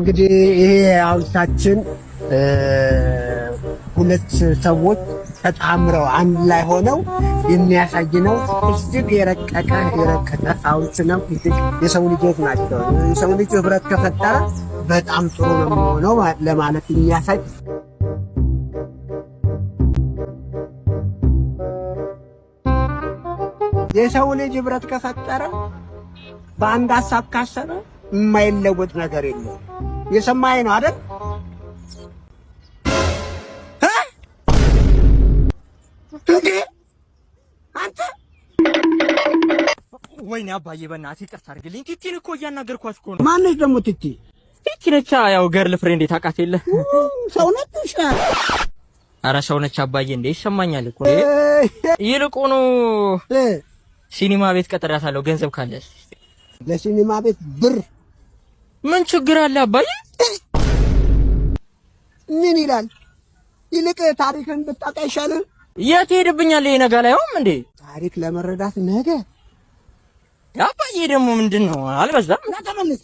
እንግዲህ ይሄ ሐውልታችን ሁለት ሰዎች ተጣምረው አንድ ላይ ሆነው የሚያሳይ ነው። እጅግ የረቀቀ የረቀቀ ሐውልት ነው። የሰው ልጆች ናቸው። የሰው ልጅ ህብረት ከፈጠረ በጣም ጥሩ ነው የሚሆነው ለማለት የሚያሳይ የሰው ልጅ ህብረት ከፈጠረ በአንድ ሀሳብ ካሰበ የማይለወጥ ነገር የለም። የሰማይ ነው አይደል? እንዴ አንተ ወይኔ አባዬ በእናትህ ይቅርታ አድርግልኝ። ቲቲን እኮ እያናገርኳት እኮ ነው። ማነች ደግሞ ቲቲ? ቲቲ ነቻ፣ ያው ገርል ፍሬንድ ታውቃት የለ ሰው ነች። እሺ፣ ኧረ ሰው ነች አባዬ። እንዴ ይሰማኛል እኮ ይልቁኑ ሲኒማ ቤት ቀጥሬያታለሁ። ገንዘብ ካለ ለሲኒማ ቤት ብር ምን ችግር አለ አባዬ? ምን ይላል? ይልቅ ታሪክን ብታውቅ አይሻልም? የት ሄድብኛል? ይሄ ነገ ላይ እንዴ ታሪክ ለመረዳት ነገ አባዬ ደግሞ ምንድን ነው አልበዛም? ተመለስ